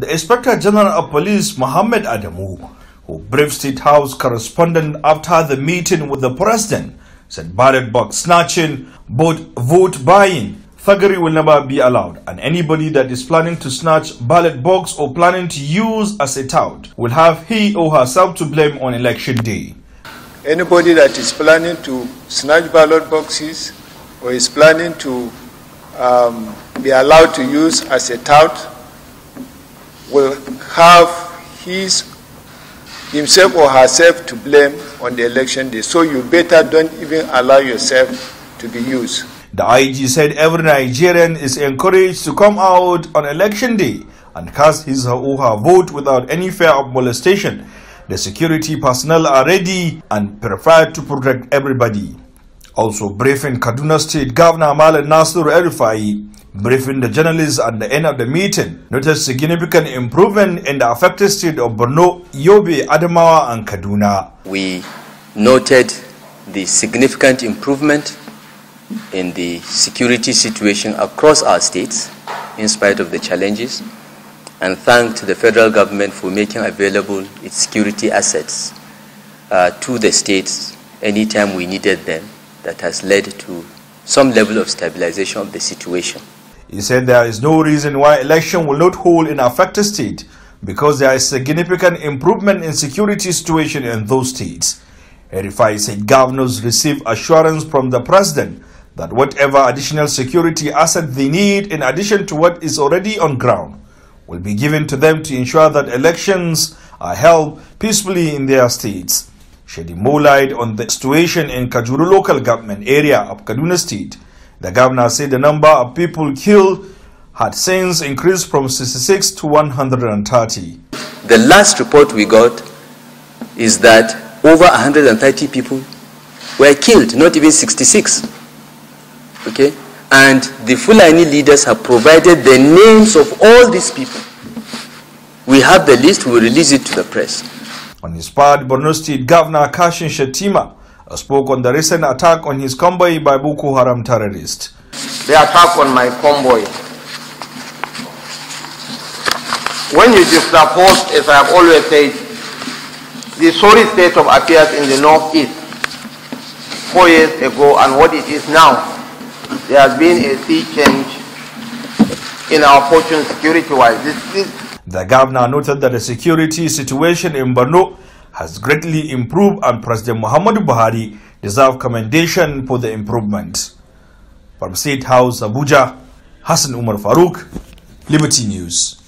The Inspector General of Police, Mohammed Adamu, who briefed State House correspondent after the meeting with the president, said ballot box snatching, vote buying, thuggery will never be allowed, and anybody that is planning to snatch ballot box or planning to use as a tout will have he or herself to blame on election day. Anybody that is planning to snatch ballot boxes or is planning to um, be allowed to use as a tout will have his himself or herself to blame on the election day. So you better don't even allow yourself to be used. The IG said every Nigerian is encouraged to come out on election day and cast his or her vote without any fear of molestation. The security personnel are ready and prepared to protect everybody. Also briefing Kaduna State Governor Malan Nasir Erifai Briefing the journalists at the end of the meeting, noted significant improvement in the affected state of Borno, Yobe, Adamawa and Kaduna. We noted the significant improvement in the security situation across our states in spite of the challenges and thanked the federal government for making available its security assets uh, to the states anytime we needed them that has led to some level of stabilization of the situation. He said there is no reason why election will not hold in affected state because there is significant improvement in security situation in those states. Erifai said governors receive assurance from the president that whatever additional security asset they need in addition to what is already on ground will be given to them to ensure that elections are held peacefully in their states. Shedding more light on the situation in Kajuru local government area of Kaduna state the governor said the number of people killed had since increased from 66 to 130. The last report we got is that over 130 people were killed, not even 66. Okay? And the Fulani leaders have provided the names of all these people. We have the list, we will release it to the press. On his part, Borno State Governor Kashin Shatima spoke on the recent attack on his convoy by Boko Haram terrorists. The attack on my convoy. When you juxtapose, as I have always said, the sorry state of affairs in the northeast four years ago and what it is now, there has been a sea change in our fortune security-wise. The governor noted that the security situation in Borno has greatly improved and President Muhammadu Buhari deserve commendation for the improvement. From State House Abuja, Hassan Umar Farouk, Liberty News.